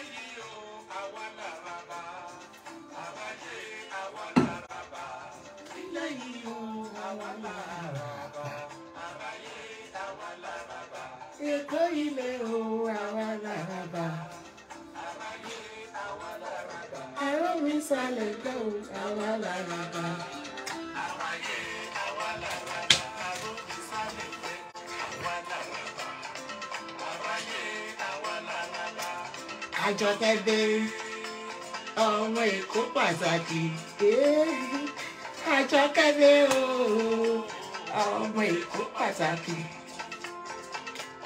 lẹ́yìn o àwa làràbà àwa ṣe àwa làràbà lẹ́yìn o àwa làràbà àwa ṣe àwa Èkó ilé o àwa làràbà. Àwa mi sálẹ̀ gbọ́ àwa làràbà. àjọkẹ́ bẹ́ẹ̀ ọmọ èkó pàtàkì àjọkẹ́ bẹ́ẹ̀ o ọmọ èkó pàtàkì.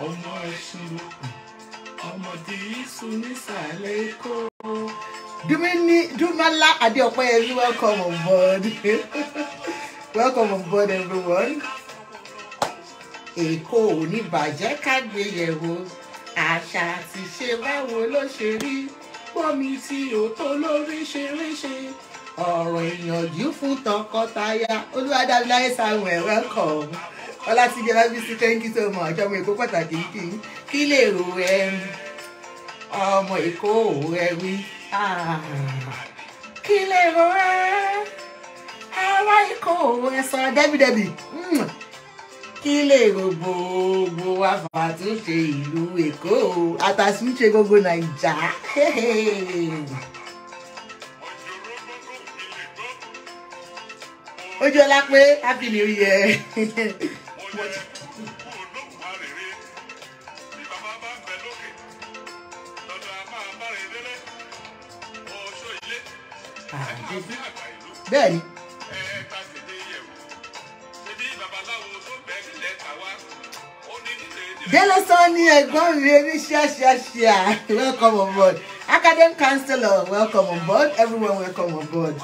ọmọ ẹṣin ọmọdé sùn nísàlẹ̀ èkó. Dumini Dumala Adeokoye, welcome on board. welcome on board, everyone. Èkó ò ní bàjẹ́ ká gbé yẹ̀wò àṣà àti ṣe báwo ló ṣe rí gbọ́mi tí ò tó lóríṣiríṣi ọ̀rọ̀ ìyànjú fún tọkọtaya olúwadáláyé samuel welcome ọlátìdí ọlábísí thank you so much ọmọ èkó pàtàkì kí kí lè rò ẹ ọmọ èkó òwò ẹ wí kí lè rò ẹ ará èkó òwò ẹ sọ dẹ́bìdẹ́bì kí lè gbogbo afàtúnṣe ìlú èkó àtàtúnṣe gbogbo nàìjà. ojú ọlá pé happy new year. bẹ́ẹ̀ ni. Deleson ni ẹ̀gbọ́n mi rí ṣíàṣíàṣíà welcome on board academic counselor welcome on board everyone welcome on board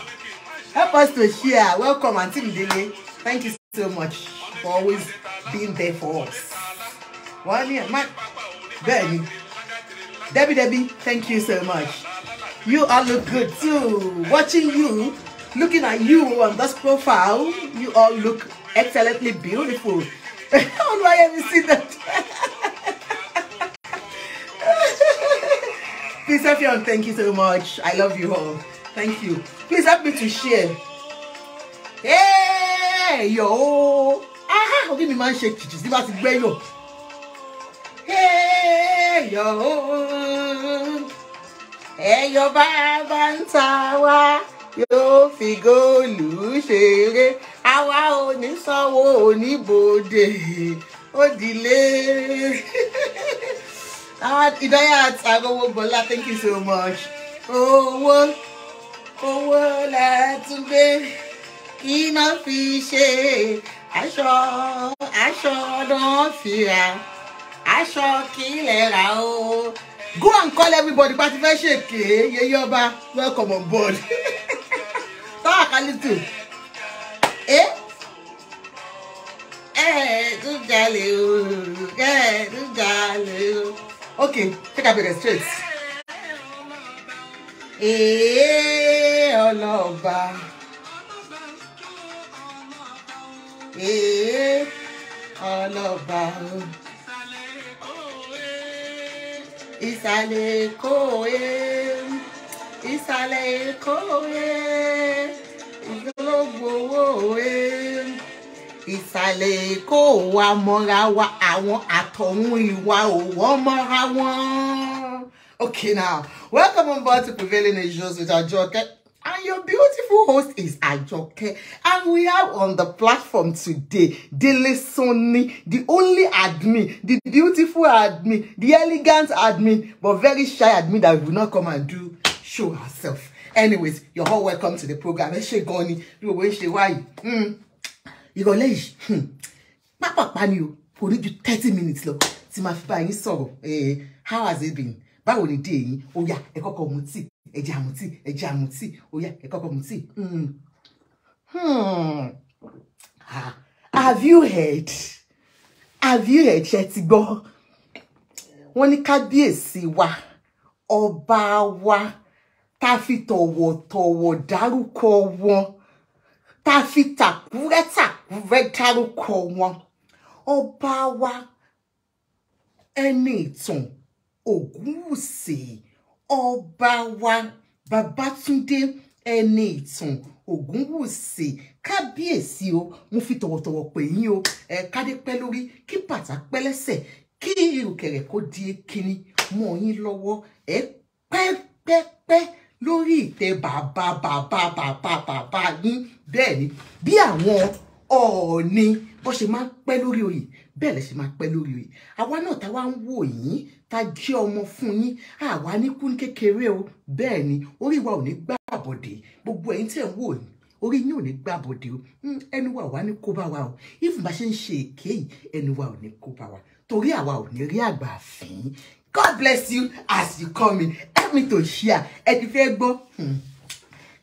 help us to share welcome Aunty Midele thank you so much for always being there for us. wọ́n ní ẹ̀ bẹ́ẹ̀ ni Debbie Debbie thank you so much you all look good too watching you looking at you on this profile you all look excellently beautiful. How do I ever see that? Please help me on. Thank you so much. I love you all. Thank you. Please help me to share. Hey, yo. Ah, give me máa shake, ṣe kìkì tí bá ti gbẹ́ yọ̀. Hey, yo. Ẹyọ bàbá yo figo wá, yóò àwa ò ní sanwó oníbòde òdìlé ìdáyà àtàgọwọ bọlá thank you so much owó owó làtúndé kí náà fi ṣe aṣọ aṣọ náà fi ra aṣọ kílẹ̀ ra o. go and call everybody pati fẹ́ ṣèké yeye ọba welcome on board. táwa kálí ẹ ẹ tún jalè o ẹ eh, tún okay take am bẹ̀rẹ̀ straight. ee eh, ọlọ́ọ̀ba ee eh, ọlọ́ọ̀ba o ìsàlẹ̀ èkó e ìsàlẹ̀ èkó e ìgbélógbòwò ẹ ìsàlẹ̀ èkó wa mọ́ra wa àwọn àtọ̀hún ìwà òwò mọ́ra wọn. Okay now, welcome on board to Prevailing Issues with Ajoke. And your beautiful host is Ajoke. And we have on the platform today, Dele Soni, the only admin, the beautiful admin, the elegant admin, but very shy admin that will not come and do show herself anyways you're all welcome to the program ẹ ṣe gan ni bí gbogbo ń ṣe wáyìí hmm. ìrọ̀lẹ́ yìí pápápá hmm. ni o kò ní ju thirty minutes lọ tí máa fi bá yín sọ̀rọ̀ eh, how has it been báwo ni dé yín Oya, yá ẹ kọ́kọ́ mu tíì ẹ jẹ́ àmú tíì ẹ jẹ́ àmú tíì ó ẹ kọ́kọ́ mu tíì. Hmm. Ah, have you heard have you heard ṣe ti gbọ́ wọ́n ní kábíyèsí wa ọba wa tá a fi tọ̀wọ̀tọ̀wọ̀ dárúkọ wọn tá a fi tàkúrẹ́ tàkúrẹ́ dárúkọ wọn ọba wa ẹni ìtàn ògúnwùsì ọba wa babátúndé ẹni ìtàn ògúnwùsì kábíyèsí o mo fi tọ̀wọ̀tọ̀wọ̀ pè yín o ẹ kádé pẹ́ lórí kí bàtà pẹ́ lẹ́sẹ̀ kí ìrùkẹ̀rẹ̀ kó di kíní mọ́ yín lọ́wọ́ ẹ pẹ́ pẹ́ pẹ́ lórí ìtẹ́ bàbá bàbá bàbá bàbá yín bẹ́ẹ̀ ni bí àwọn ọ̀ọ̀ni bó ṣe máa ń pẹ́ lórí oyè bẹ́ẹ̀ lẹ́ ṣe máa pẹ́ lórí oyè àwa náà táwa ń wò yín ta jẹ́ ọmọ fún yín àwa ní kú ní kékeré o bẹ́ẹ̀ ni orí wa ò ní gbà bọ̀dẹ̀ gbogbo ẹ̀yin tẹ̀ ń wò ní orí yín ò ní gbà bọ̀dẹ̀ o hmm, ẹnu wa ò ní kó bá wa o if bá ṣe ń ṣe èké yìí ẹnu wa ò ní kó bá wa torí àwa ò ní rí àgbà fín God bless you as you come in. Help me to share. Ẹ ti fẹ́ gbọ́. Hmm.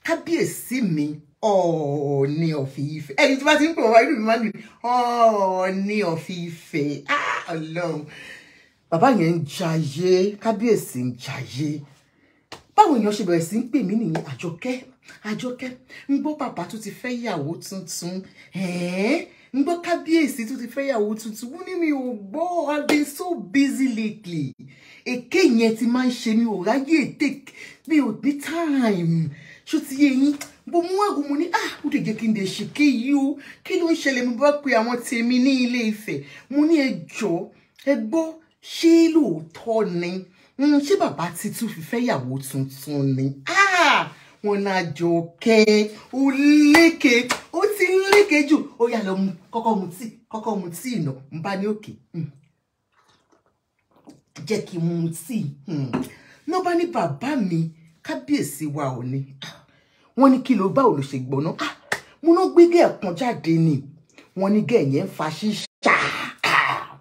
Kábíyèsí mi Ọọ̀ni of Ifẹ̀. Ẹni tí bá ti ń pè wọ́n inú mi máa ń gbé Ọọ̀ni of Ifẹ̀. Ọlọ́run. Bàbá yẹn ń jayé. Kábíyèsí ń jayé. Báwo èèyàn ṣe bẹ̀rẹ̀ sí ń pè mí nìyẹn Àjọkẹ́. Àjọkẹ́ ń gbọ́ bàbá tó ti fẹ́ yàwó tuntun. Ẹ̀ẹ́ ńgbọ́ kábíyèsí tó ti fẹ́yàwó tuntun wọ́n ní mi ò gbọ́ I've been so busy lately èké yẹn ti máa ń ṣe mi ò ráyè take mi ò ní time ṣó ti yé yín bó mú àgùn mo ní ah ó lè jẹ́ kí n lè ṣe ké yìí o kí ló ń ṣẹlẹ̀ mo bá pe àwọn tèmi ní ilé Ifẹ̀ mo ní ẹ jọ̀ọ́ ẹ gbọ́ ṣé lóòótọ́ ni hmm, ṣé bàbá titun fi fẹ́yàwó tuntun ni ah wọn náà jọ kẹ́ ó lékè ó ti ń léke jù ó yà lọ mu kọ́kọ́ mu tíì kọ́kọ́ mu tíì nà ń bá ní òkè hmm. jẹ́ kí n mu tíì ní hmm. wọ́n bá ní bàbá mi kábíyèsí wa ò ní ah. wọ́n ní kí ló bá olùṣègbọnà ah. mo ná gbégé ẹ̀kan jáde ni wọ́n ní gẹ̀yẹ́ ń fa ṣíṣà ah.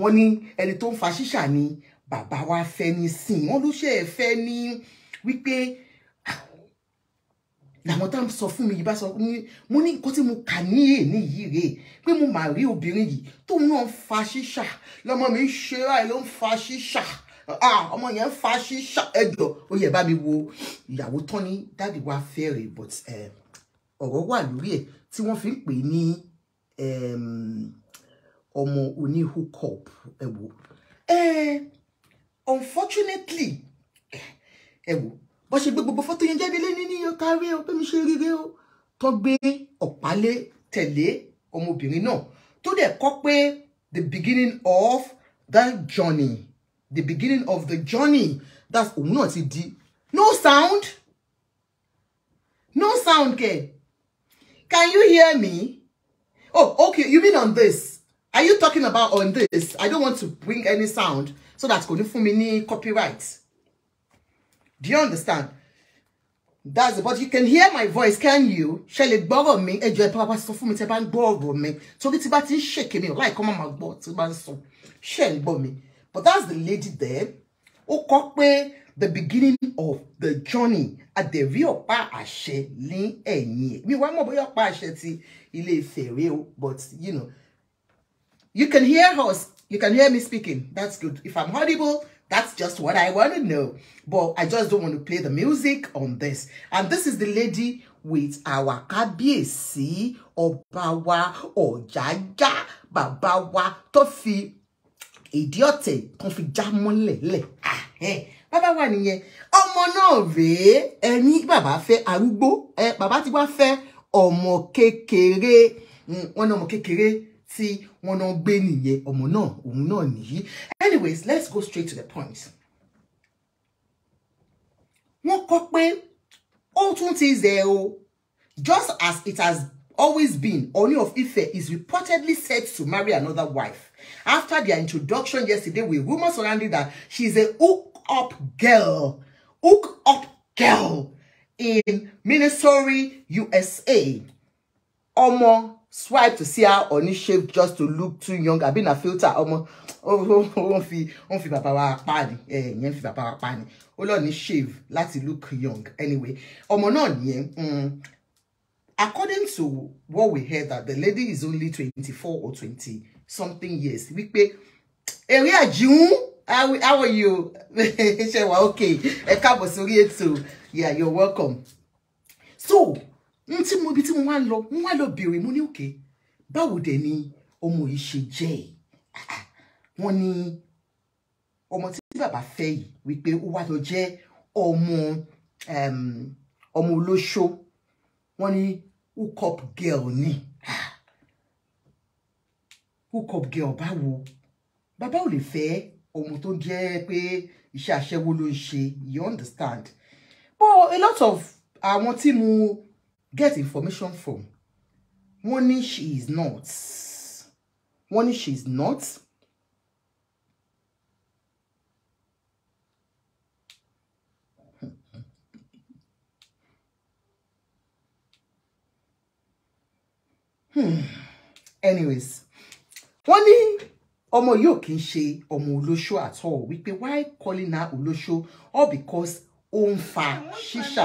wọ́n ní ẹni tó ń fa ṣíṣà ni bàbá wa fẹ́ ní sìn wọ́n ló ṣe é fẹ́ ní wípé làwọn tá à ń sọ fún mi yìí bá sọ pé mo ní nǹkan tí mo kà ní èní yìí rèé pé mo mà rí obìnrin yìí tóun náà ń fa ṣíṣà lọmọ mi ń ṣe ráì ló ń fa ṣíṣà ọmọ yẹn ń fa ṣíṣà ẹjọ ó yẹ bá mi wo ìyàwó tán ní dáàdì wa fẹ́rẹ̀ but eh, ọ̀rọ̀ wà lórí ẹ̀ tí wọ́n fi ń pè ní ehm, ọmọ oní hookup ẹ wo eh, unfortunately eh, ẹ wo wọ́n ṣe gbé gbogbo fọ́tò yẹn jáde lé níní ọkà rí o pé mi ṣe rere o tó gbé ọ̀pálé tẹ̀lé ọmọbìnrin náà tó dẹ̀ kọ́ pé the beginning of that journey the beginning of the journey that's òun náà ti di no sound no sound kẹ can you hear me oh okay you mean on this are you talking about on this i don't want to bring any sound so that kò ní fún mi ní copyright do you understand that's it but you can hear my voice can you Shall it gbọ́rọ̀ mi ẹ jọ̀ọ́ ẹ pàápàá sọ fún mi tẹ́ bá ń gbọ́ ọ̀rọ̀ mi torí tí bá ti ń ṣèké mi ò láìkọ́ máa máa gbọ́ tí but that's the lady there ó kọ the beginning of the journey at the real pa ẹ̀yìn ẹ̀ mi wá mọ̀ bóyá ọ̀pá àṣẹ ti ilé Ifẹ̀ rèé o but you know you can hear us you can hear me speaking that's good if i'm audible That's just what I want to know. But I just don't want to play the music on this. And this is the lady with our Kábíyèsí Obawa Ojaja Babawa Tofi Idiote tó fi ìdí ọ̀tẹ̀ kan fi já mọ́lẹ̀ lẹ̀. Bàbá wa nìyẹn. Ọmọ náà rèé ẹni bàbá fẹ́ ti wá fẹ́ ọmọ kékeré. Hmm, wọ́n ní ọmọ tí wọ́n náà gbé nìyẹn ọmọ náà òun náà nìyí anyways let's go straight to the point wọ́n kọ pé ó tún ti zẹ̀ o just as it has always been, Oni of Ife is reportedly set to marry another wife. After their introduction yesterday with rumors surrounding that she is a hook-up girl, hook-up girl in Minnesota, USA. Ọmọ swipe to see how Ooni shape just to look too young àbí na filter ọmọ ó ń fi ó ń fi bàbá wa pa ni ẹ̀yẹn eh, ń fi bàbá wa pa ni ó lọ ní shave láti look young anyway ọmọ náà nìyẹn mm, according to what we heard that the lady is only twenty-four or twenty something years wípé eré àjíhún how are you ṣe wà okay ẹ káàbọ̀ sórí ètò yeah you're welcome so n tí mo ibi tí mo wá lọ mo wá lọ béèrè mo ní òkè báwo dẹ̀ ni ọmọ yìí ṣe jẹ́ ẹ̀ ah, ah, wọ́n ní ọmọ tí bàbá fẹ́ yìí wípé ó wá lọ jẹ́ ọmọ ọmọ olóṣó wọ́n ní hookup girl ni ah, hookup girl báwo bàbá ò lè fẹ́ ọmọ tó jẹ́ pé iṣẹ́ aṣẹ́wó ló ń ṣe you understand but a lot of àwọn tí mo get information from wọ́n ní she is not wọ́n ní she is not Hmm. anyways wọ́n ní ọmọ yóò kì í ṣe ọmọ olóṣó at all wípé why calling her olóṣó all because ó ń fa ṣíṣà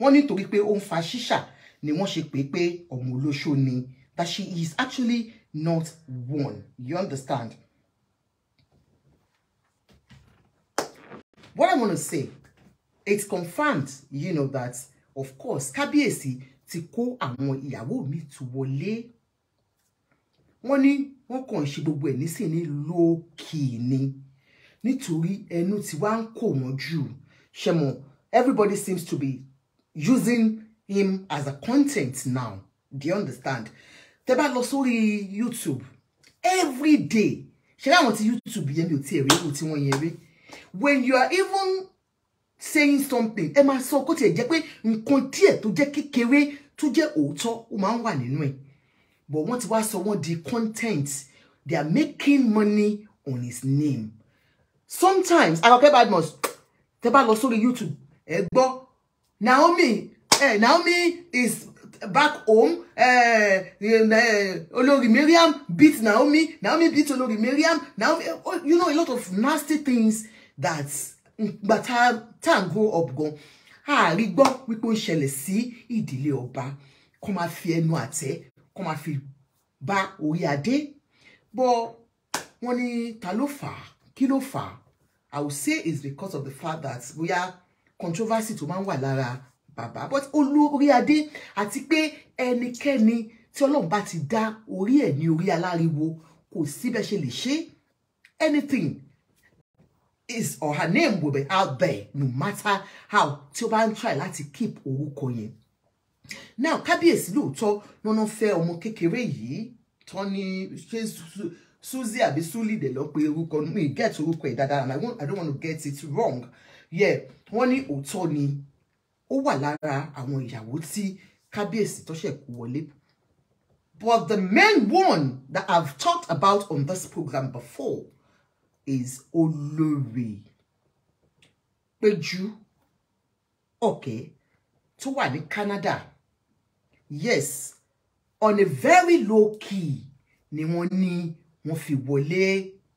wọ́n nítorí pé ó ń fa ṣíṣà ni wọ́n ṣe pé pé ọmọ olóṣó ni that she is actually not one you understand. What I want to say it's confirmed you know that of course kábíyèsí ti kó àwọn ìyàwó mi tù wọlé wọ́n ní wọ́n kàn ṣe gbogbo ẹ̀ nísìn ní lókì ni nítorí ẹnu tí wàá ń kó wọn jù ṣe everybody seems to be using him as a content now do you understand tẹ́ bá lọ youtube every day ṣe láwọn ti youtube yẹn mi ò tí ẹ rí ipò when you are even saying something ẹ máa sọ kó tiẹ̀ jẹ́ pé nǹkan díẹ̀ tó to kékeré tó jẹ́ òótọ́ ó máa ń wà nínú ẹ̀ but wọ́n ti wá sọ wọ́n di content they are making money on his name sometimes I akọkẹ́ badmus tẹ́ bá lọ sórí youtube ẹ gbọ́ Naomi eh, Naomi is back home eh, eh, eh Olori Miriam beat Naomi Naomi beat Olori Miriam. Naomi oh, you know a lot of nasty things that gba ta ta n grow up go. àárí gbọ́ wípé ó ń ṣẹlẹ̀ sí ìdílé ọba kó máa fi ẹnu àtẹ́ kó máa fi ba orí adé bọ́ wọ́n ní ta ló fà I would say it's because of the fact that we are controversy tó máa ń wà lára bàbá but olórí adé àti pé ẹnikẹ́ni tí ọlọ́run bá ti dá orí ẹ̀ ní orí aláriwo kò síbẹ̀ ṣe lè ṣe anything is or her name will be out there no matter how tí o bá ń try láti keep orúkọ yẹn now kábíyèsí lóòótọ́ lọ́nà fẹ́ ọmọ kékeré yìí tán ní ṣé Suzy àbí Sulide lọ pé orúkọ mi get orúkọ ẹ̀ dáadáa and I, won't, I don't want to get it wrong yẹ wọ́n ní òótọ́ ni ó wà lára àwọn ìyàwó tí kábíyèsí tó ṣẹ̀ kú wọlé but the main one that I've talked about on this program before is olórí Péjú Ọ̀kẹ́ tó wà ní Canada yes on a very low key ni wọ́n ní wọ́n fi wọlé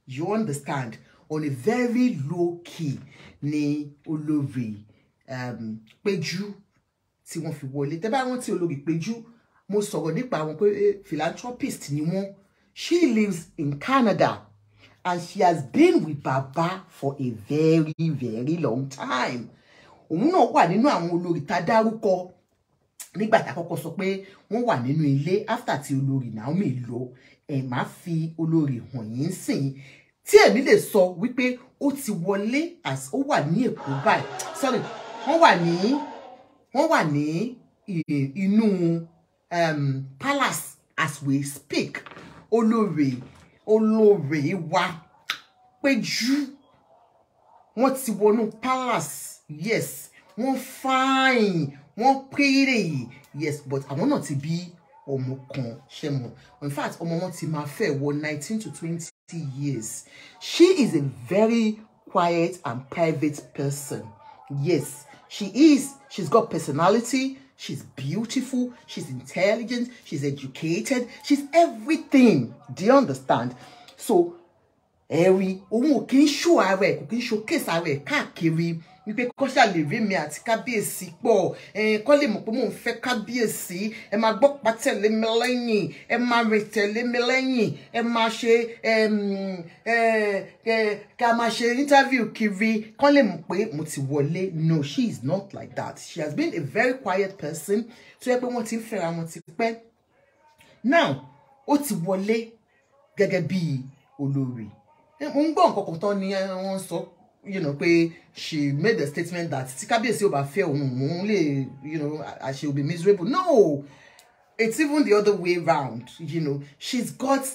you understand on a very low key ni olori um, péjú tí wọ́n fi wọlé tẹ́ bá rántí olórí péjú mo sọ̀rọ̀ nípa àwọn pé eh, philanthropist ni wọ́n she lives in Canada and she has been with baba for a very very long time òun náà wà nínú àwọn olórí tá a dárúkọ nígbà tá a kọ́kọ́ sọ pé wọ́n wà nínú ilé after tí olórí Naomi lọ ẹ̀ máa fi olórí hàn yín sìn tí èmi lè sọ wípé ó ti wọlé as ó wà ní èkó báyìí sorry wọ́n wà ní wọ́n wà ní inú um, palace as we speak olóore olóore wa péjú wọ́n ti wọnú palace yes wọ́n fine wọ́n péré yes but àwọn náà ti bí ọmọ kan ṣe mọ̀ in fact ọmọ wọn ti máa fẹ́ wọ nineteen to twenty years. She is a very quiet and private person. Yes, she is. She's got personality. She's beautiful. She's intelligent. She's educated. She's everything. Do you understand? So, Eri, òun can kí ń ṣó Can ẹ̀ kò kí wípé kọ́ ṣàlèrè mi àti kábíyèsí pọ̀ kọ́ lè mọ̀ pé mò ń fẹ́ kábíyèsí ẹ máa gbọ́ pátẹ̀lé mi lẹ́yìn ẹ máa rìn tẹ̀lé mi lẹ́yìn ẹ máa ṣe ká máa ṣe interview kiri kọ́ lè mọ̀ pé mo ti wọlé no she is not like that she has been a very quiet person tó yẹ pé wọ́n ti ń fẹ́ra wọn ti pẹ́ now ó ti wọlé gẹ́gẹ́ bí olórí mo ń gbọ́ nǹkan kan tán ni wọ́n sọ you know pé she made the statement that tí kábíyèsí ò bá fẹ́ òun òun lè you know as she will be miserable no it's even the other way round you know she's got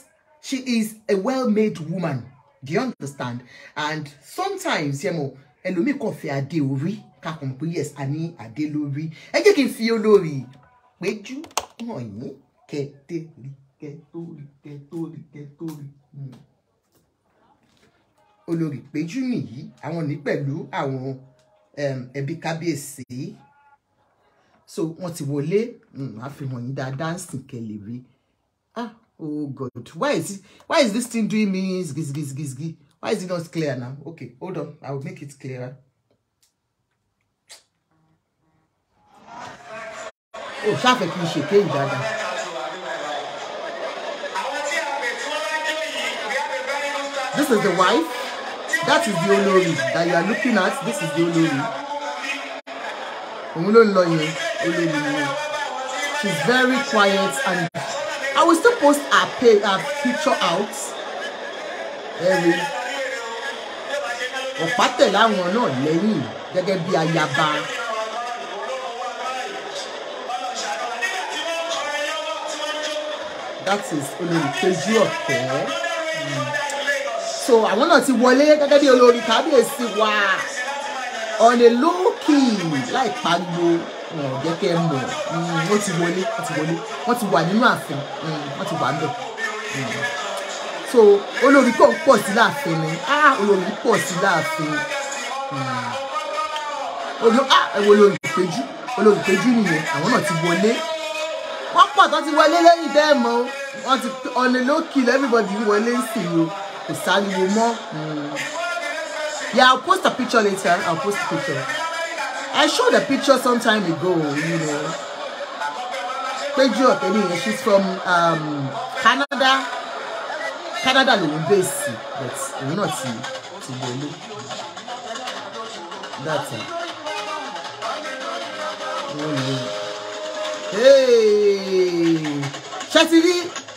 she is a well-made woman do you understand and sometimes yẹmo ẹlòmíì kàn fẹ́ adé orí kakàn pé yes a ní adé lórí ẹ jẹ́ kí n fi olórí péjú hàn yín kẹtẹ́rì kẹtọ́rì kẹtọ́rì kẹtọ́rì olórí péjú nìyí àwọn ní pẹ̀lú àwọn ẹbí kábíyèsí so wọ́n ti wọlé hmm, màá fi hàn yín dáadáa ń sìn kẹlẹ̀ rí ah oh god why is it why is this thing doing me gizgizgizgi why is it not clear now okay hold on i will make it clearer. ó oh, ṣàfẹ́ kí n ṣèké ìdáadáa. This is the wife that is the olori that you are looking at this is the olori. òun ló ń lọ yẹn olórí yẹn she is very quiet and I will still post her pay her picture out ẹ̀rí ọ̀pá tẹ̀lé àwọn náà lẹ́yìn gẹ́gẹ́ bí ayaba. that is olori. kejì ọ̀tẹ̀. Mm so àwọn náà ti wọlé gẹ́gẹ́ bí olórí kábíyèsí wa on a low key láì pariwo wọn ò jẹ́ kẹ́ ẹ mọ̀ hmm, wọ́n ti wọlé wọ́n ti wọlé wọ́n ti wà nínú ààfin hmm, wọ́n ti wà ń bẹ̀ hmm. so olórí tó ń pọ̀ sí láàfin ni ah olórí pọ̀ sí láàfin olórí ah ẹ wo olórí péjú olórí péjú nìyẹn àwọn náà ti wọlé wọ́n pọ̀ tó ti wọlé lẹ́yìn bẹ́ẹ̀ wọ́n ti on a low key everybody wọlé ń sìn o ìsáliwo mọ́ mm. yeah I'll post a picture later I'll post a picture I showed the picture some time ago you know Péjú Ọ̀tẹ́ni yẹn she's from um, Canada Canada lòun bèèsì but òun náà ti ti wọlé that's it. ṣé ti rí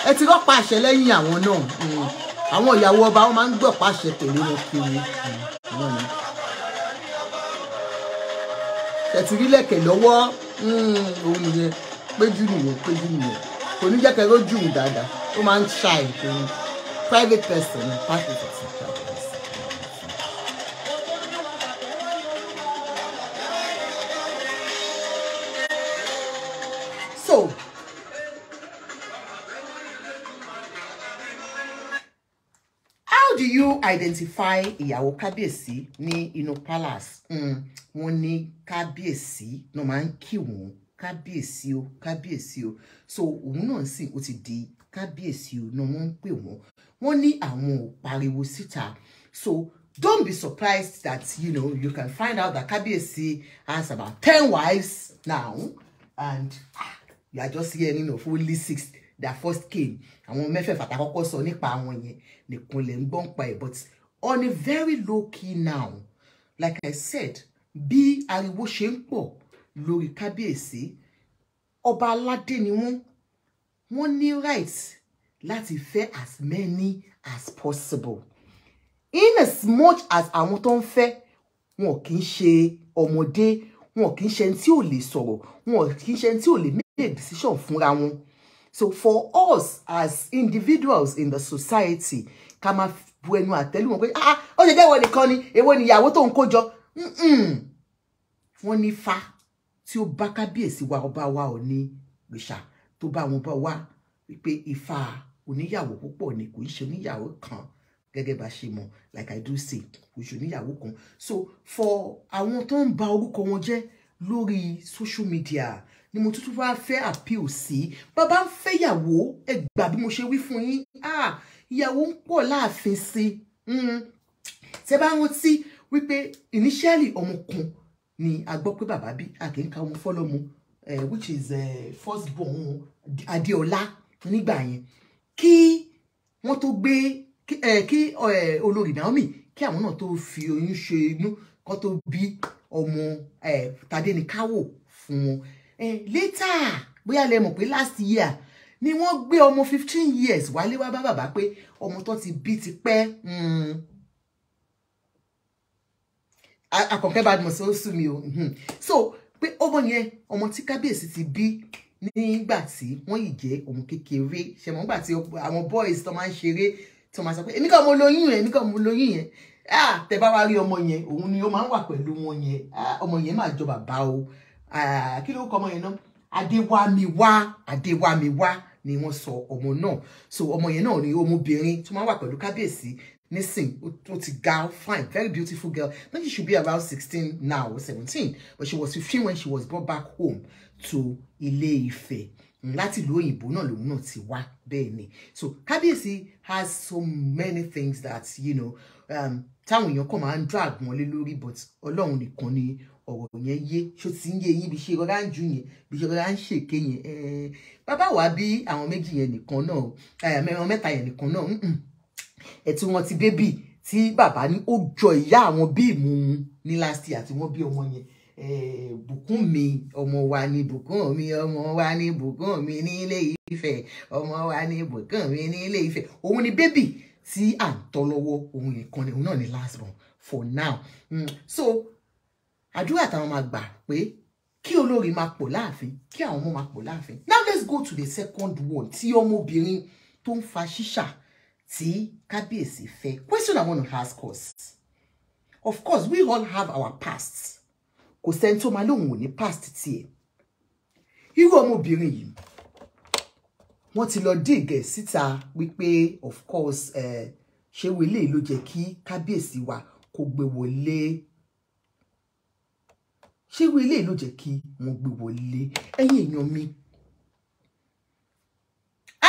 ẹ ti rọ́pàá àṣẹ lẹ́yìn àwọn náà. Mm àwọn ìyàwó ọba wọn máa ń gbọ̀pá ṣe tèlé wọn kiri wọn ni. tẹ̀tìrí lẹ̀kẹ̀ lọ́wọ́ hmm, òun nìyẹn péjú nìyẹn péjú nìyẹn kò ní jẹ́ kẹ́ lójú dáadáa ó máa ń ṣàì private person private person. do you identify ìyàwó kábíyèsí ní inú palace hmm, wọ́n ní kábíyèsí náà máa ń kí wọn kábíyèsí o kábíyèsí o so òun náà sì ó ti di kábíyèsí o náà wọ́n ń pè wọ́n wọ́n ní àwọn ò pariwo síta so don't be surprised that you know you can find out that kábíyèsí has about ten wives now and ah, you are just hearing of only six that first came àwọn mẹ́fẹ̀ẹ̀fà tá a kọ́kọ́ sọ nípa àwọn yẹn nìkan lè ń gbọ́n pa ẹ̀ but on a very low key now like I said bí ariwo ṣe ń pọ̀ lórí kábíyèsí ọba aládé ni wọ́n wọ́n ní right láti fẹ́ as many as possible in as much as àwọn tó ń fẹ́ wọn kì í ṣe ọmọdé wọn kì í ṣe ẹni tí ò lè sọ̀rọ̀ wọn kì í ṣe ẹni tí ò lè make decision fúnra wọn So for us as individuals in the society, ká máa bu ẹnu ah, ah ó ṣe jẹ́wọ́ nìkan ni èwo ni ìyàwó tó ń kó jọ wọ́n ní fa tí ó bá kábíyèsí wa ọba wa ò ní gbèsà tó bá wọn bá wá wípé ifá oníyàwó púpọ̀ ni kò í ṣe oníyàwó kan gẹ́gẹ́ bá ṣe mọ̀ like I do say kò ṣe oníyàwó kan so for àwọn tó ń ba orúkọ wọn jẹ́ lórí social media ni mo tuntun wá fẹ́ appeal sí bàbá ń fẹ́ ìyàwó ẹ gbà bí mo ṣe wí fún yín ah, ìyàwó ń pọ̀ láàfin sí hmm. tẹ bá rántí wípé initially ọmọ kan ni a gbọ́ pé bàbá bí àkínká ọmọ fọlọ́mọ eh, which is uh, eh, first born Adéọlá nígbà yẹn kí wọ́n tó gbé kí eh, olórí Naomi kí àwọn náà tó fi oyún ṣe inú kó tó bí ọmọ Tádéníkáwò fún wọn Eh, létà bóyá lẹ mọ̀ pé last year ni wọ́n gbé ọmọ fifteen years wálé wá bá bàbá pé ọmọ tó ti bí ti pẹ́ hmm. àkànkẹ́ bá mọ̀ sí ó sùn o hmm. so pé ọmọ yẹn ọmọ tí kábíyèsí ti bí nígbà tí wọ́n yìí jẹ́ ọmọ kékeré ṣẹ̀mọ́ nígbà tí àwọn boys tó máa ń ṣeré tó máa sọ pé èmi kan mo lóyún yẹn èmi kan mo lóyún yẹn ah tẹ bá wá rí ọmọ yẹn òun ni ó máa ń wà pẹ̀lú wọn yẹn ah ọmọ yẹn máa jọ bàbá o Eh, kí ló kọ ọmọ yẹn náà adéwàmíwá adéwàmíwá ni wọ́n sọ ọmọ náà so ọmọ yẹn náà ni ọmọbìnrin tó máa wà pẹ̀lú kábíyèsí nísìn ó ti ga fine very beautiful girl I think she should be about sixteen now or seventeen but she was fifteen when she was brought back home to Ilé Ife. láti ìlú òyìnbó náà lòun náà ti wá bẹ́ẹ̀ ni so kábíyèsí has so many things that you know um, táwọn èèyàn kàn máa ń drag wọn lé lórí but ọlọ́run nìkan ni ọ̀rọ̀ yẹn yé ṣó ti ń yé yín bí ṣe rọra ń jù yẹn bí ṣe rọra ń ṣèké yẹn bàbá wa bí àwọn méjì yẹn nìkan náà àwọn mẹ́ta yẹn nìkan náà ẹ̀tí wọn ti bébì tí bàbá ní ó jọ ìyá àwọn bí ìmú ní last year tí wọ́n bí ọmọ yẹn bùkún mi ọmọ wa ni bùkún mi ọmọ wa ni bùkún mi ní ilé Ifẹ̀ ọmọ wa ni bùkún mi ní ilé Ifẹ̀ òun ni bébì tí à ń tọ́ lọ́wọ́ òun nìkan ni òun náà ni last born for now mm. so àdúrà táwọn máa gbà pé kí olórí máa pọ̀ láàfin kí àwọn ọmọ máa pọ̀ láàfin now let's go to the second one tí ọmọbìnrin tó ń fa ṣíṣà tí kábíyèsí fẹ́ question i want to ask us of course we all have our pasts kò sẹ́ni tó máa lóun ò ní past tiẹ̀ irú ọmọbìnrin yìí wọ́n ti lọ díìgẹ̀ síta wípé of course eh, ṣé wo eléyìí ló jẹ́ kí kábíyèsí wa kó gbé wọlé ṣé irú ilé ló jẹ́ kí wọ́n gbé wọlé ẹ̀yin èèyàn mi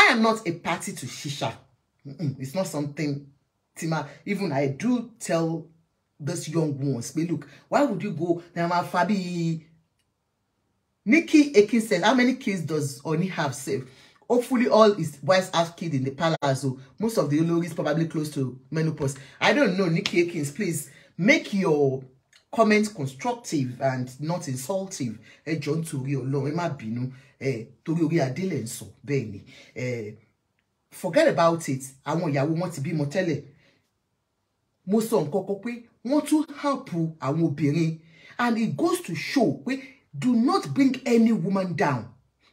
I am not a party to shisha mm-mm, it's not something tima even I do tell those young ones pé look why would you go na ma fa bíi Nikki Akin says, how many kids does Oni have saved? Hopefully all his wives have kids in the palace. So most of the Olori is probably close to menopause. I don't know, Nikki Akins, please make your comment constructive and not insultive ẹ jọ nítorí Ọlọ́run ẹ má bínú ẹ torí orí adé ń sọ bẹ́ẹ̀ ni ẹ forget about it àwọn ìyàwó wọn ti bímọ tẹ́lẹ̀ mo sọ nǹkan kan pé wọ́n tún help àwọn obìnrin and it goes to show pé do not bring any woman down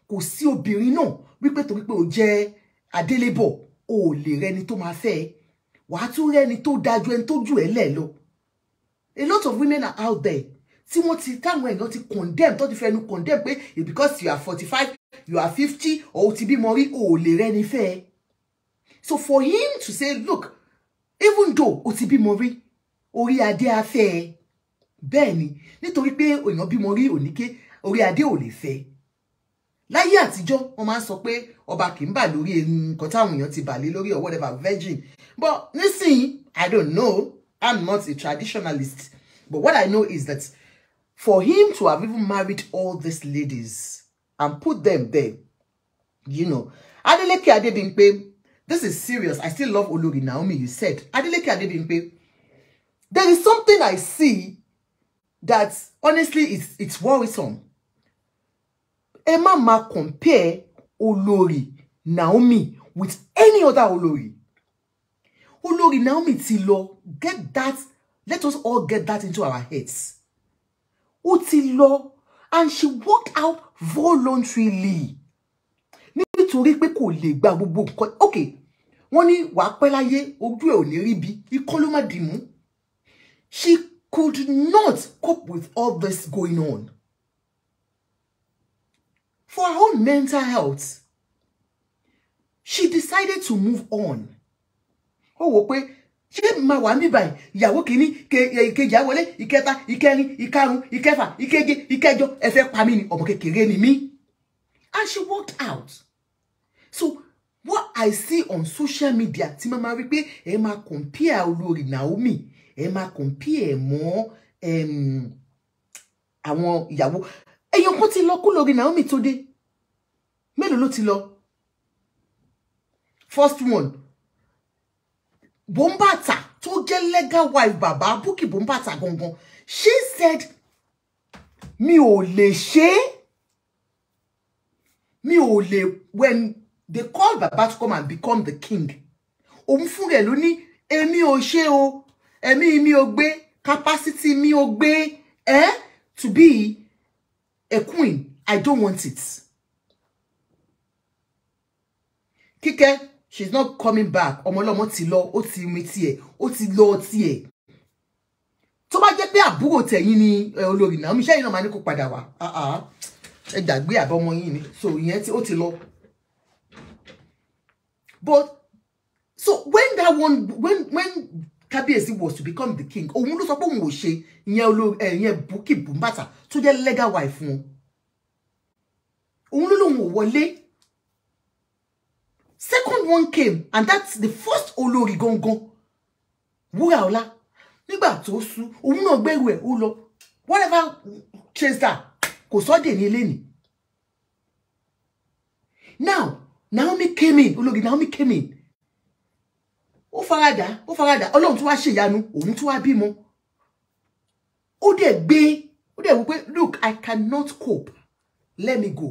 kò sí obìnrin náà wípé torí pé o jẹ́ adélébọ̀ o ò lè rẹni tó máa fẹ́ wàá tún rẹni tó dájú ẹni tó jù ẹ́ lẹ̀ lọ a lot of women are out there tí wọ́n ti táwọn èèyàn ti condemn tó ti fẹnu condemn pé because you are forty five you are fifty o ti bímọ rí o ò lè rẹ́ni fẹ́ so for him to say look even though o ti bímọ rí orí adé afẹ́ ẹ bẹ́ẹ̀ ni nítorí pé èèyàn bímọ rí òníké orí adé ò lè fẹ́ láyé àtijọ́ wọ́n máa ń sọ pé ọba kì í bà lórí nǹkan táwọn èèyàn ti bà lé lórí or whatever virgin but nísìnyí i don't know I'm not a traditionalist. But what I know is that for him to have even married all these ladies and put them there, you know, Adeleke Adebimpe, this is serious. I still love Ologi Naomi, you said. Adeleke Adebimpe, there is something I see that honestly it's, it's worrisome. Emma ma compare Olori Naomi with any other Olori. olórí Naomi ti lọ get that let us all get that into our heads ó ti lọ and she walked out voluntarily nítorí pé kò lè gba gbogbo nǹkan ok wọ́n ní wàá pẹ́ láyé ojú ẹ̀ ò ní rí bi ikọ́ ló má dì mú she could not cope with all this going on for her own mental health she decided to move on ó wò pé ṣé máa wà níbà yìí ìyàwó kìíní e, ìkejì àwọlé ìkẹta ìkẹrin ìkarùn ìkẹfà ìkeje ìkẹjọ ẹ fẹ́ pa mí ni ọmọ kékeré ni mí and she walked out so what i see on social media tí màmá rí pé ẹ máa compare olórí Naomi ẹ máa compare mọ́ àwọn ìyàwó èèyàn kan ti lọ kú lórí Naomi tó dé mélòó ló ti lọ first one Bombata to get legal wife bàbá Bukky Bombata gangan she said mi o lè ṣe mi o le. when they call Baba to come and become the king òun fún rẹ̀ ló ní o èmi mi ò gbé capacity mi ò gbé eh to be a queen I don't want it Kíkẹ́ she's not coming back Omo ọlọ́mọ ti lọ ó ti mi tiẹ̀ ó ti lọ tiẹ̀ tó bá jẹ́ pé àbúrò tẹ̀yìn ni olórí náà iṣẹ́ yìí náà máa ní kó Ah wá ah. ẹ gbàgbé àbọ̀mọ yìí ni so ìyẹn tí ó ti lọ but so when that one when when kábíyèsí was to become the king òun lo sọ pé òun ò ṣe ìyẹn olórí ìyẹn bukki bumbata to jẹ́ legal wife fún un lo ló lóun ò second one came and that's the first olórí gangan wúrà ọlá nígbà tó sú òun náà gbẹrù ẹ ó lọ whatever chaser kò sọ́dẹ̀ ní eléni now Naomi came in Olori Naomi came in O farada, ó faradà ọlọ́run tó wá ṣèyanu òun tó wá bímọ ó dẹ̀ gbé ó dẹ̀ wípé look I cannot cope let me go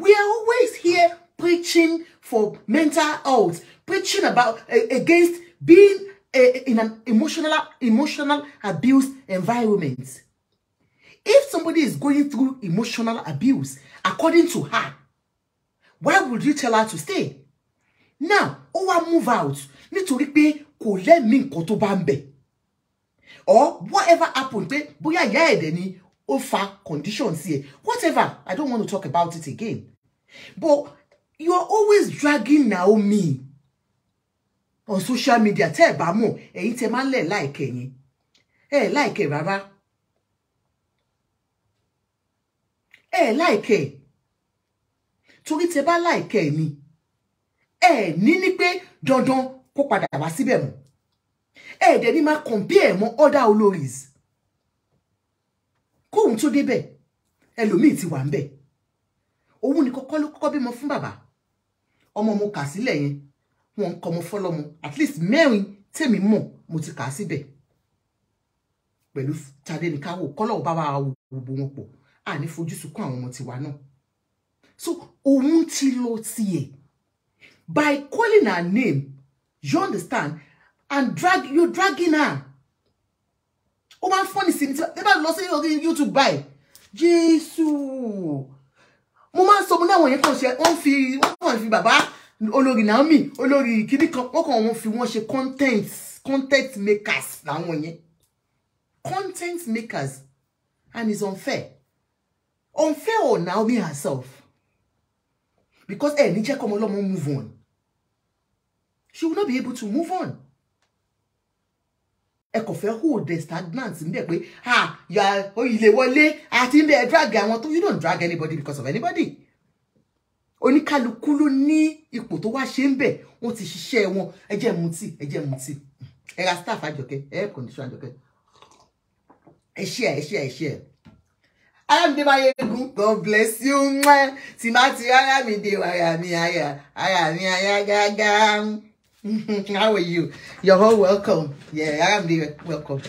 we are always here preaching for mental health, preaching about against being in an emotional emotional abuse environment. If somebody is going through emotional abuse, according to her, why would you tell her to stay? Now, ó wá move out Need to kò lẹ́mìí nǹkan tó bá Or whatever happened pé bóyá ìyá ẹ̀dẹ̀ ni ó conditions here. Whatever, I don't want to talk about it again. But you are always dragging Naomi on social media Tell ẹ̀ eh, it's a tẹ́ like ń Eh, like a ẹ̀ Eh, like ẹ̀ To torí a bá láìkẹ́ ni ẹ̀ ní ní don dandan kó padà wá síbẹ̀ mọ́ ẹ̀ dẹ̀ ní máa compare mọ́ other olóris kóhun tó débẹ̀ ẹlòmíì ti wà ń bẹ̀ òun ni koko ló kọ́kọ́ bímọ fún ọmọ mo kà sílẹ̀ yẹn wọn ń kọ ọmọ fọlọ́mọ at least mẹ́rin tèmi mọ̀ mo ti kà á síbẹ̀ pẹ̀lú Tadenikawo kọ́lọ̀ bá wa wò wọn pọ̀ à ní fojú sunkún àwọn ọmọ tiwa náà so òun ti lọ tiẹ̀ by calling her name you understand and drag you dragging her ó máa ń fọ́nì sí ní tí wọ́n bá lọ sí YouTube báyìí Jésù mo máa ń sọ mo láwọn yẹn kàn ṣe wọ́n fi wọ́n fi bàbá olórí Naomi olórí kìíní kan wọ́n kàn wọ́n fi wọ́n ṣe content content makers làwọn yẹn content makers and it's unfair unfair on Naomi herself because ẹ̀ ní jẹ́ kọ́mọ move on she will not be able to move on ẹ kò fẹ́ hold the stagnant níbẹ̀ pé ah ya ilé wọlé àti ilé ẹ drag àwọn tó you don't drag anybody because of anybody oníkálukú ló ní ipò tó wá ṣe ń bẹ̀ wọ́n ti ṣiṣẹ́ wọn ẹ mu tí ẹ mu tí ẹ staff àjọkẹ́ air condition àjọkẹ́ ẹ ṣe ẹ ṣe ẹ ṣe ẹ. Ayamide Mayegun, God bless you. Mwah. Timati Ayamide, Ayami Aya, Ayami Aya Gaga. Mm-hmm. How are you? You're all welcome. Yeah, I am the welcome.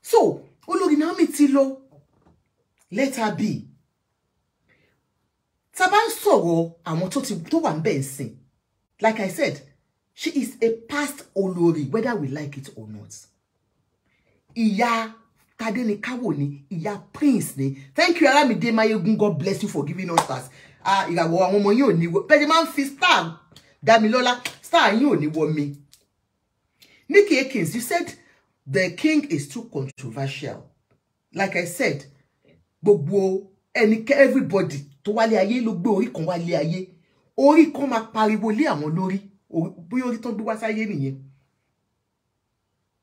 So, olórí Naomi ti lọ. Let her be. Tá bá ń sọ̀rọ̀ àwọn tó ti tó wà ńbẹ̀ nsin. Like I said, she is a past Olori, whether we like it or not. Iya, Tade ni Kawo ni, ìyá Prince ni. Thank you Aramide Mayegun. God bless you for giving us stars. Ah, Iga wo ọmọ yín ò ní. Pé máa ń fi star Damilola star yín ò ní wọ mi Nikki Akins you said the king is too controversial like I said gbogbo ẹnikẹ́ everybody tó wálé ayé ló gbé orí kan wálé ayé orí kan máa pariwo lé àwọn lórí bóyá orí tán gbé wá sáyé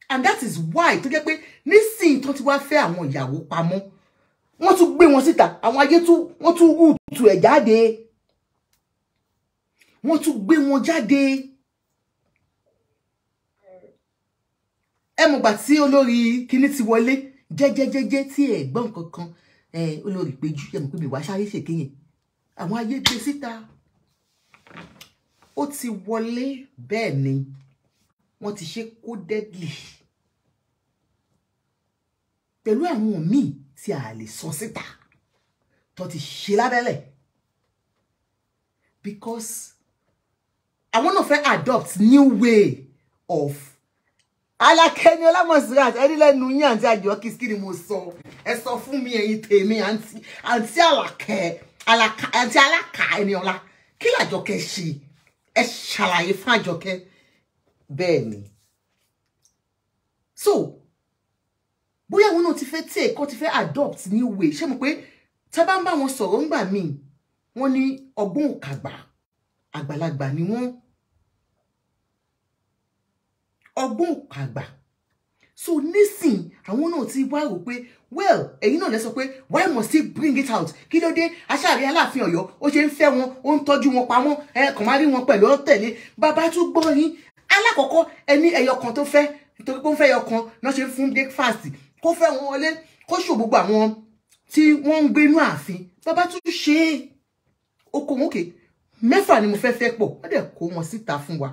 and that is why tó jẹ́ pé nísìnyí tó ti wá fẹ́ àwọn ìyàwó pamọ́ wọ́n tún gbé wọn síta àwọn ayé tún wọ́n tún wù tù ẹ̀ jáde wọ́n tún gbé wọn jáde. ẹ mọ̀gbà tí olórí kinní ti wọlé jẹ́jẹ́jẹ́jẹ́ tí ẹ̀gbọ́n kankan olórí péjú ẹ mọ̀ pé bí wàá sáré ṣèké yẹn àwọn ayé gbé síta ó ti wọlé bẹ́ẹ̀ ni wọ́n ti ṣe kó deadly pẹ̀lú àwọn míì tí a lè sọ síta tó ti ṣe lábẹ́lẹ̀ because àwọn náà fẹ́ adopt new way of alákẹ́ni ọlámọ̀sírat ẹni lẹ́nu yín àǹtí àjọ kìsì kí ni mo sọ ẹ sọ fún mi ẹ̀yin tèmi àǹtí àǹtí àlàkẹ́ àǹtí alákà ẹni ọlá kí làjọkẹ́ ṣe ẹ ṣàlàyé fún àjọkẹ́ bẹ́ẹ̀ ni so bóyá àwọn náà ti fẹ́ tẹ̀ kọ́ ti fẹ́ adopt ní way ṣé mo pé tá bá ń bá wọn sọ̀rọ̀ ńgbà míì wọ́n ní ọgbọ́n òkàgbà àgbàlagbà ni wọ́n ọgbọ́n àgbà so nísìn àwọn náà ti wá rò pé well ẹ̀yin náà lè sọ pé why must he bring it out kí ló dé aṣáàrí aláàfin Ọ̀yọ́ ó ṣe ń fẹ́ wọn ó ń tọ́jú wọn pamọ́ ẹ kàn máa rí wọn pẹ̀lú ọ̀tẹ̀lé bàbá tún gbọ́ yín alákọ̀ọ́kọ́ ẹni ẹyọ kan tó fẹ́ nítorí pé ó ń fẹ́ ẹyọ kan náà ṣe ń fún breakfast kó fẹ́ wọn wọlé kó ṣò gbogbo àwọn tí wọ́n ń gbé inú ààfin bàbá tún ṣe é okòwò òkè mẹ́fà ni mo fẹ́ fẹ́ pọ̀ wọ́n dẹ̀ kó wọn síta fún wa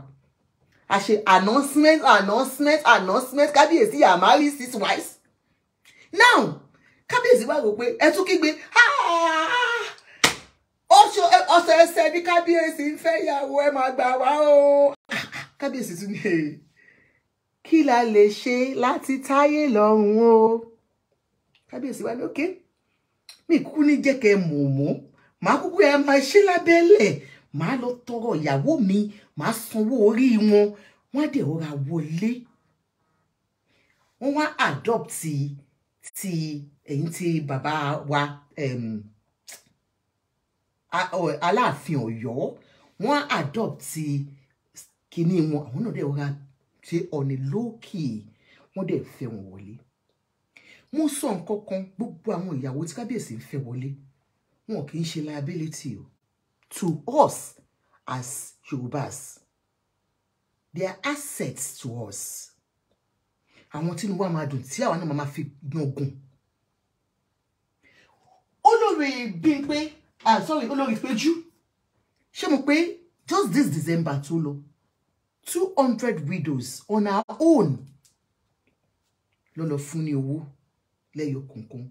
a ṣe announcement announcement announcement kábíyèsí ya marry six wives now kábíyèsí wá rò pé ẹ tún kígbe ah, ọ̀sẹ̀ ẹsẹ̀ ní kábíyèsí ń fẹ́ ìyàwó ẹ máa gbà wá o kábíyèsí tún ní èrè kí la lè ṣe láti táyé lọ́rùn o kábíyèsí wá ní òkè mi kúkú ní jẹ́ kẹ́ mọ̀ọ́mọ́ màá kúkú ẹ máa ṣe lábẹ́lẹ̀ màá lọ tọrọ ìyàwó mi màá sanwó orí wọn wọ́n á dẹ̀ rọra wọlé wọ́n wá adopt ti ti ẹ̀yìn ti bàbá wa aláàfin Ọ̀yọ́ wọ́n adopt ti kìíní wọn àwọn náà dẹ̀ rọra ṣe ọ̀nì lókè wọ́n dẹ̀ fẹ́ wọn wọlé mo sọ nǹkan kan gbogbo àwọn ìyàwó tí kábíyèsí ń fẹ́ wọlé wọn kì í ṣe liability o to us as Yorubas. They are assets to us. to Àwọn tí inú wa máa dùn tí àwa náà máa fi yan ogun. Olórí Bímpé, ah sorry, Olórí Péjú. Ṣé mo pé just this December tó lọ, two hundred widows on our own ló lọ fún leyo owó lẹ́yọ̀ kọ̀ọ̀kan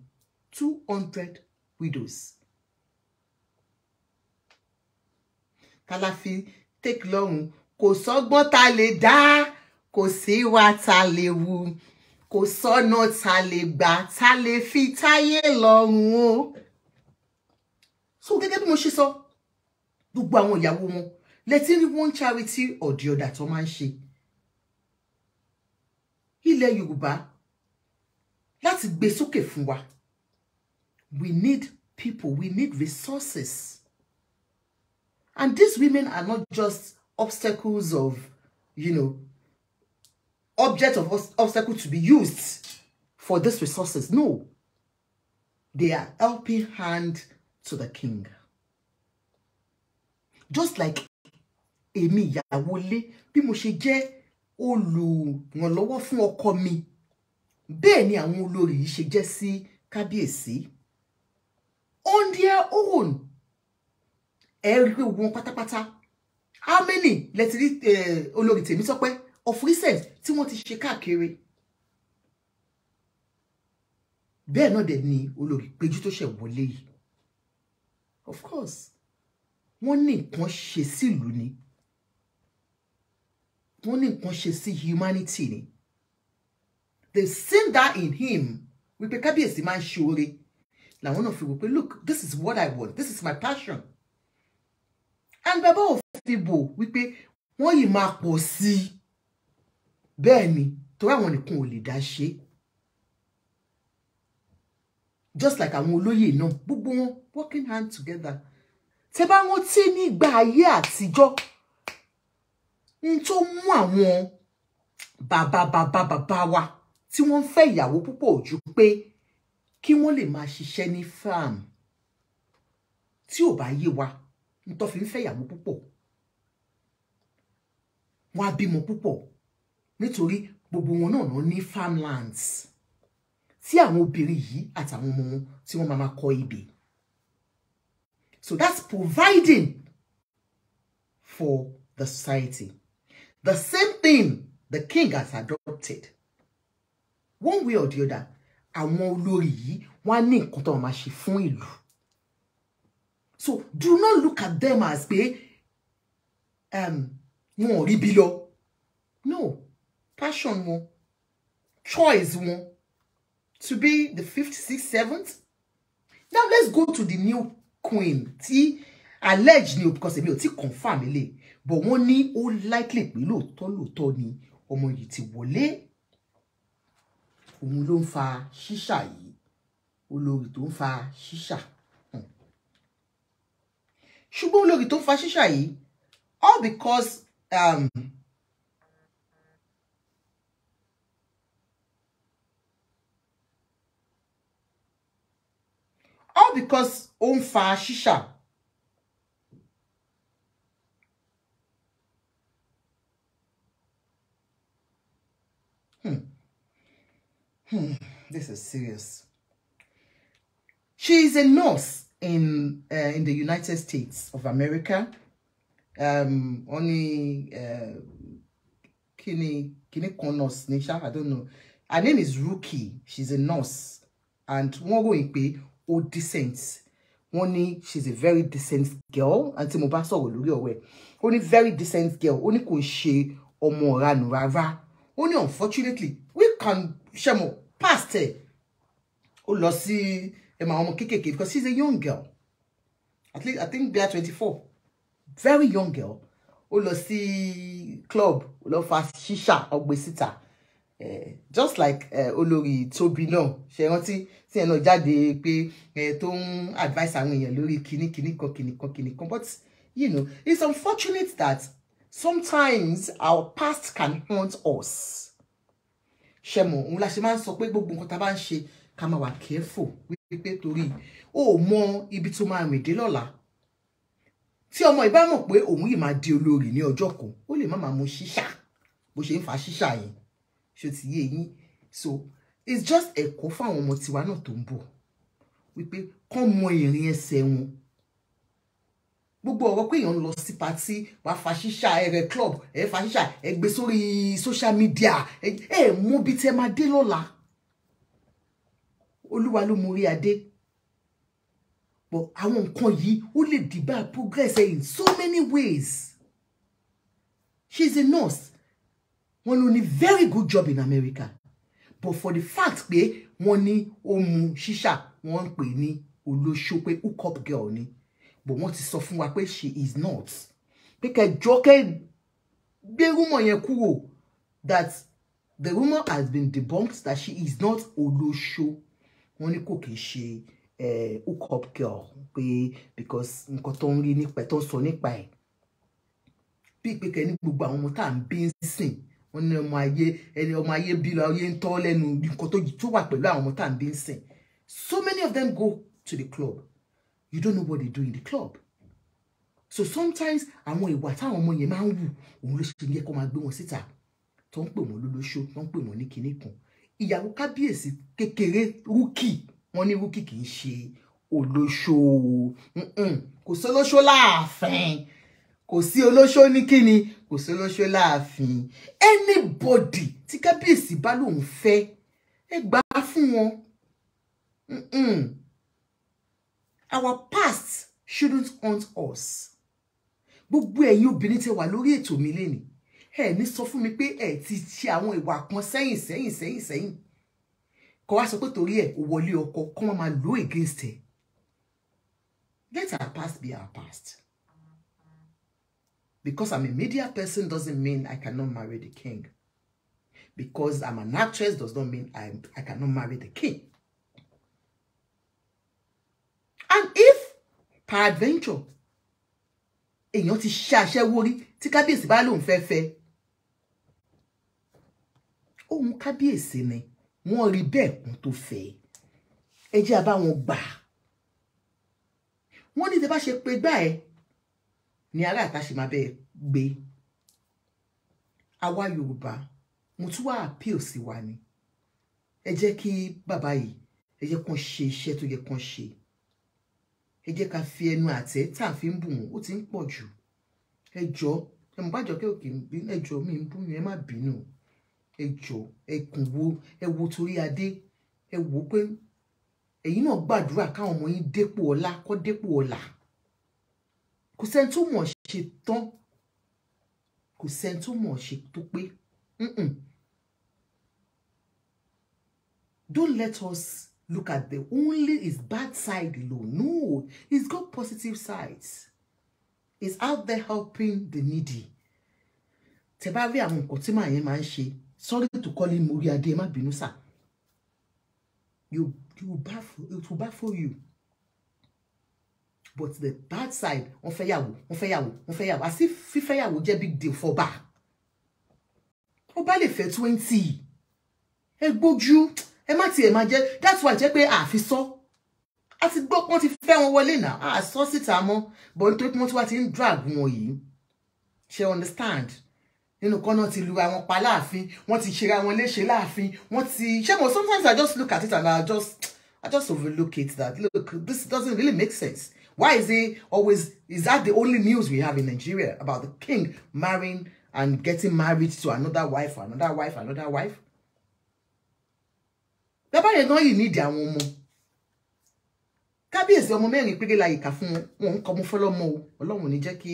two hundred widows Kala fi take lọ́hùn kò sọ́gbọ́n ta lè dá kò sí wa ta lè wu kò sọ́nà ta lè gbà ta lè fi táyé lọ́rùn o. so gẹ́gẹ́ bí mo ṣe sọ gbogbo àwọn ìyàwó wọn letí ní one charity or the other tó máa ń ṣe ilẹ̀ Yorùbá láti gbé sókè fún wa we need people we need resources. And these women are not just obstacles of, you know, object of obstacle to be used for these resources. No. They are helping hand to the king. Just like emi yawole ilé bí mo ṣe jẹ́ olùrànlọ́wọ́ fún ọkọ mi bẹ́ẹ̀ ni àwọn olórí yìí ṣe on their own ẹ rí pé wọn pátápátá how many lẹ ti rí olórí tèmi sọ pé of recent tí wọ́n ti ṣe káàkiri bẹ́ẹ̀ náà dẹ̀ ni olórí péjú tó ṣẹ̀ wọlé yìí of course wọ́n ní nǹkan ṣe sílùú ni wọ́n ní nǹkan ṣe sí humanity ni they seen that in him wípé kábíyèsí máa ń ṣe oore làwọn náà fi wò pé look this is what i want this is my passion and bàbá ò fi bò wípé wọ́n yìí máa pọ̀ sí i bẹ́ẹ̀ ni torí àwọn nìkan ò lè dá ṣe just like àwọn olóyè náà gbogbo wọn working hand together tẹ bá wọn tí nígbà ayé àtijọ́ n tó mú àwọn bàbá bàbá bàbá wa tí wọ́n ń fẹ́ ìyàwó púpọ̀ jù pé kí wọ́n lè máa ṣiṣẹ́ ní farm tí ò bá yé wa ntọ́ fi ń fẹ́yàwó púpọ̀ wọ́n á bímọ púpọ̀ nítorí gbogbo wọn náà ló ní farmlands tí àwọn obìnrin yìí àtàwọn ọmọ wọn tí wọ́n máa máa kọ ebè so that's providing for the society the same thing the king has adopted one way or the other àwọn olórí yìí wọ́n á ní nǹkan tó máa ṣe fún ìlú so do not look at them as pé um, wọn ò rí lọ no passion wọn choice wọn to be the fifth sixth seventh now let's go to the new queen tí alleged new because èmi ò ti confirm ilé but wọ́n ní ó likely pé lóòótọ́ lóòótọ́ ni ọmọ yìí ti wọlé òun ló ń fa ṣíṣà yìí olórí tó ń fa ṣíṣà ṣùgbọ́n olórí tó fa ṣíṣà yìí all because um, all because ó ń fa ṣíṣà. Hmm. Hmm. This is serious. She is a nurse in uh, in the United States of America um only uh eh, kini kini kan nurse i don't know her name is Rookie she's a nurse and one ròyìn pé ó decent Only she's a very decent girl and mo bá sọ̀rọ̀ lórí ọ̀rẹ́ ó ní very decent girl Only ní kò ṣe ọmọ ọ̀ranù rárá unfortunately we can ṣe mọ̀ past ẹ̀ ó ẹ máa ọmọ kéékèèké because she's a young girl at least I think they are twenty four very young girl ó lọ sí club ó lọ fa ṣíṣà just like Olori Tobi no. ṣe rántí tí ẹ náà jáde pé advice àwọn èèyàn lórí kini kini kan kini kan kini. kan but you know it's unfortunate that sometimes our past can haunt us Shemo mọ̀ òun la ṣe máa ń sọ pé gbogbo nǹkan tá a bá ń ṣe ká máa careful pé torí o ò mọ ibi tó máa rìn dé lọ́la tí ọmọ ìbá mọ̀ pé òun yìí máa di olórí ní ọjọ́ kan ó lè má máa mu ṣíṣà bó ṣe ń fa ṣíṣà yẹn ṣó ti yé yín so it's just ẹ̀kọ́ fáwọn ọmọ tiwa náà tó ń bọ̀ wípé kán mọ ìrìn ẹsẹ̀ wọn gbogbo ọ̀rọ̀ pé èèyàn ń lọ sí patí wàá fa ṣíṣà ẹ̀rẹ̀ club ẹ̀ fa ṣíṣà ẹ̀ gbé sórí social media ẹ̀ mú bí tẹ́ máa dé lọ́la olúwa ló mú adé but àwọn nǹkan yìí ó lè dìbà progress in so many ways she is a nurse wọ́n ló ní very good job in America but for the fact pé wọ́n ní ohun ṣíṣà wọ́n ń pè ní olóṣó pé hookup girl ni but wọ́n ti sọ fún wa pé she is not pé kẹjọ kẹ gbé rúmọ yẹn kúrò that the rumor has been debunked that she is not olóṣó wọ́n ní kò kìí ṣe hook up girl pé because nǹkan tó ń rí nípa ẹ̀ tó ń sọ nípa ẹ̀ bí ìpèkè ní gbogbo àwọn ọmọ tá à ń bí ń sìn wọ́n ní ọmọ ayé ẹni ọmọ ayé bí lọ ayé ń tọ́ lẹ́nu nǹkan tó wà pẹ̀lú àwọn ọmọ tá à ń bí ń sìn so many of them go to the club you don't know what they do in the club so sometimes àwọn ìwà táwọn ọmọ yẹn máa ń wù òun ló ṣe yẹ kó máa gbé wọn síta tó ń pè wọn lólóṣó tó ń pè wọn ní kinní kan ìyàwó kábíyèsí kékeré rúkì wọn ní rúkì kì í ṣe olóṣó kò sí olóṣó láàfin kò sí olóṣó ní kíni kò sí olóṣó láàfin anybody tí kábíyèsí bá lòun fẹ́ ẹ gbà á fún wọn our past shouldn't haunt us gbogbo ẹ̀yin obìnrin tẹ́ wà lórí ètò mi lénìí ẹ ní sọ fún mi pé ẹ ti ṣe àwọn ìwà kan sẹ́yìn sẹ́yìn sẹ́yìn sẹ́yìn kọ wá sọ pé torí ẹ ò wọlé ọkọ kọ wọn máa lo against ẹ let our past be our past because i'm a media person doesn't mean i cannot marry the king because i'm an actress does not mean i i cannot marry the king and if adventure, èèyàn ti ṣe aṣẹ́wó rí tí kábíyèsí bá lóun fẹ́ fẹ́ ohun kábíyèsí ni wọ́n rí bẹ́ẹ̀ kún tó fẹ́ ẹ jẹ́ àbá wọn gbà wọ́n ní tí ṣe pé gbà ẹ ní aláàtà ṣe máa bẹ́ẹ̀ gbé àwa yorùbá mo tún wá appeal sí wa ni ẹ jẹ́ kí bàbá yìí ẹ jẹ́ kàn ṣe iṣẹ́ tó yẹ kàn ṣe ẹ jẹ́ ká fi ẹnu àtẹ́ tá a fi ń bù ó ti ń pọ̀ jù ẹ jọ ẹ mọ̀ bá jọ kí òkè ẹ jọ mi ń bú yín má bínú ẹ jọ ẹ kàn wo ẹ wo torí adé ẹ wò ó pé ẹ̀yin náà gbàdúrà káwọn ọmọ yín dépò ọlá kọ́ dépò ọlà kò sẹ́ni tó mọ̀ ṣe tán kò sẹ́ni tó mọ̀ ṣe tó pé don't let us look at the only his bad side alone no he's got positive sides he's out there helping the needy tẹ́ bá rí àwọn nǹkan tí màá yẹn máa ń ṣe sorry to call him Moriade ẹ má you you baffle it will baffle you but the bad side wọ́n fẹ́ yàwó wọ́n fẹ́ yàwó wọ́n fẹ́ yàwó àti big deal for ba ọba lè fẹ́ twenty ẹ gbójú ẹ má tiẹ̀ máa jẹ́ that's why jẹ́ pé àfi sọ As it gbọ́ pọ́n ti fẹ́ on wọlé náà a sọ sit mọ́ but nítorí pé wọ́n ti wá ti drag wọn yìí ṣe understand nínú kọ́nà ti lu àwọn pa láàfin wọ́n ti ṣera wọn léṣe láàfin wọ́n ti ṣé mo sometimes i just look at it and i just i just overlook it that look this doesn't really make sense why is it always is that the only news we have in nigeria about the king marrying and getting married to another wife another wife another wife bàbá yẹn gan yìí nídìí àwọn ọmọ kábíyèsí ọmọ mẹ́rin péré la yìí kà fún wọn wọn ń kọ́ mú fọlọ́mọ o ọlọ́run ò ní jẹ́ kí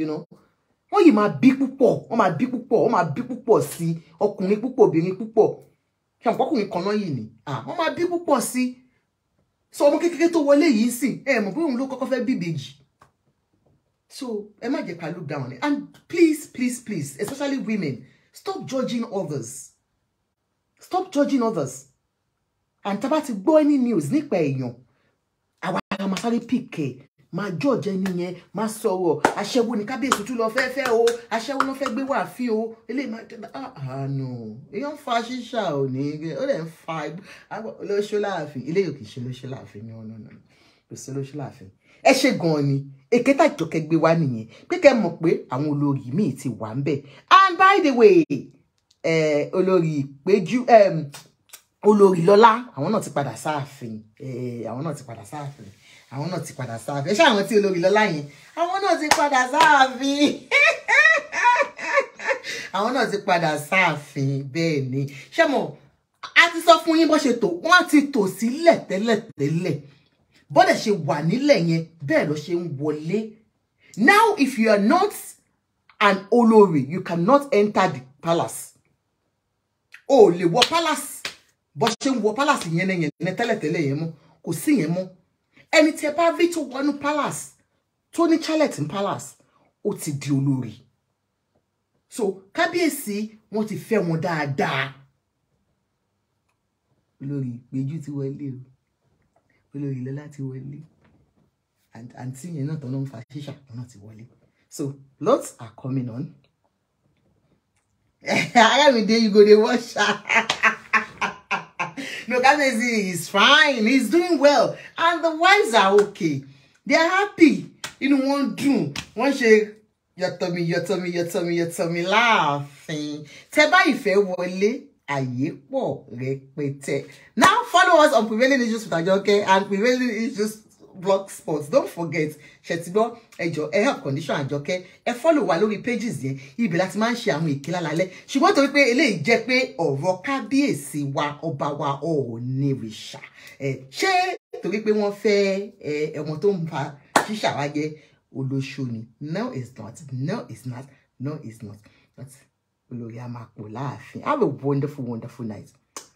you know wọ́n yìí máa bí púpọ̀ wọ́n máa bí púpọ̀ wọ́n máa bí púpọ̀ sí ọkùnrin púpọ̀ obìnrin púpọ̀ kí àwọn ọkùnrin kan náà yìí ni wọ́n máa bí púpọ̀ sí so ọmọ kékeré tó wọlé yìí sì ẹ mọ̀ pé òun ló kọ́kọ́ fẹ́ bí ìbejì so ẹ má jẹ́ ká look down and please please please especially women stop judging others stop judging others and tá a bá ti gbọ́ any news nípa èèyàn àwa la máa sáré pìkẹ́ máa jọ̀jẹ́ nìyẹn máa sọ̀rọ̀ aṣẹ́wó ni kábíyèsí tún lọ fẹ́ fẹ́ o aṣẹ́wó ló fẹ́ gbé wà fí o eléyìí máa tẹ́lẹ̀ àánú ah, ah, èèyàn ń fa ṣíṣà ò ní ó lè ń fa lóṣó láàfin eléyìí kì í ṣe lóṣó láàfin ní ọ̀nà ọ̀nà kò sí lóṣó láàfin ẹ ṣe gan-an ni èkétà ìjọkẹ́ gbé wá nìyẹn pé kẹ́ mọ̀ pé àwọn olórí míì ti wà ń bẹ̀ and by the way olórí péjú olórí lọ́lá àwọn náà ti padà sáàfin àwọn náà ti padà sáàfin àwọn náà ti padà sáàfin ẹ ṣe àwọn tí olórí lọ́lá yẹn àwọn náà ti padà sáàfin àwọn náà ti padà sáàfin bẹ́ẹ̀ ni ṣé mo a ti sọ fún yín bó ṣe tò wọ́n ti tò sílẹ̀ tẹ́lẹ̀tẹ́lẹ̀ bọ́dẹ̀ ṣe wà nílẹ̀ yẹn bẹ́ẹ̀ ló ṣe ń wọlé now if you are not an olórí you cannot enter the palace o ò lè wọ palace bó ṣe ń wọ palace yẹn yẹn tẹ́lẹ̀tẹ́lẹ̀ yẹn mọ́ kò sí yẹn mọ́ ẹni tí ẹ bá rí wọnú palace tó ní Charlotte palace ó ti di olórí so kábíyèsí wọ́n ti fẹ́ wọn dáadáa olórí Péjú ti wọlé o olórí Lọlá ti wọlé àǹtí yẹn náà tọ́lọ́ ń fa ṣíṣà náà ti wọlé so lots are coming on. Ayamide you go dey watch. no, Kabezi is fine. He's doing well. And the wives are okay. They are happy. You know, one do. One shake. Your tummy, your tummy, your tummy, your tummy laughing. Teba ife wole wọlé, àyè pọ̀ rẹpẹtẹ. Now follow us on Prevailing Issues with Ajoke and Prevailing Issues Blog blogspot don't forget ṣètìgbọ́ ẹjọ ẹ help condition àjọkẹ́ ẹ follow wa lórí pages yẹn ibẹ̀ láti máa ń ṣe àwọn èké lálálẹ́ ṣùgbọ́n torí pé eléyìí jẹ́ pé ọ̀rọ̀ kábíyèsí wa ọba wa Ọ̀ọ̀nìrìṣà ẹ ṣé torí pé wọ́n fẹ́ ẹ ẹ̀wọ̀n tó ń ba ṣíṣà wa jẹ́ olóṣó ni no it's not no it's not no it's not olórí a máa pò láàfin have a wonderful wonderful night.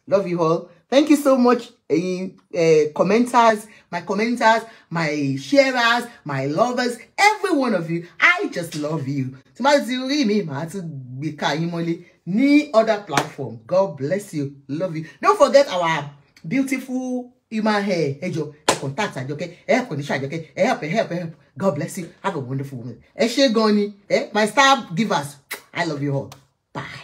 Love you all. Thank you so much, uh, uh, commenters, my commenters, my sharers, my lovers, every one of you. I just love you. to be Matubika ni other platform. God bless you. Love you. Don't forget our beautiful human hair. Ẹ jọ̀ọ́, ẹ contact Àjọkẹ́, ẹ condition Àjọkẹ́, help, help, help. God bless you. Have a wonderful woman. Ẹ ṣé Eh, my star givers. I love you all. Bye.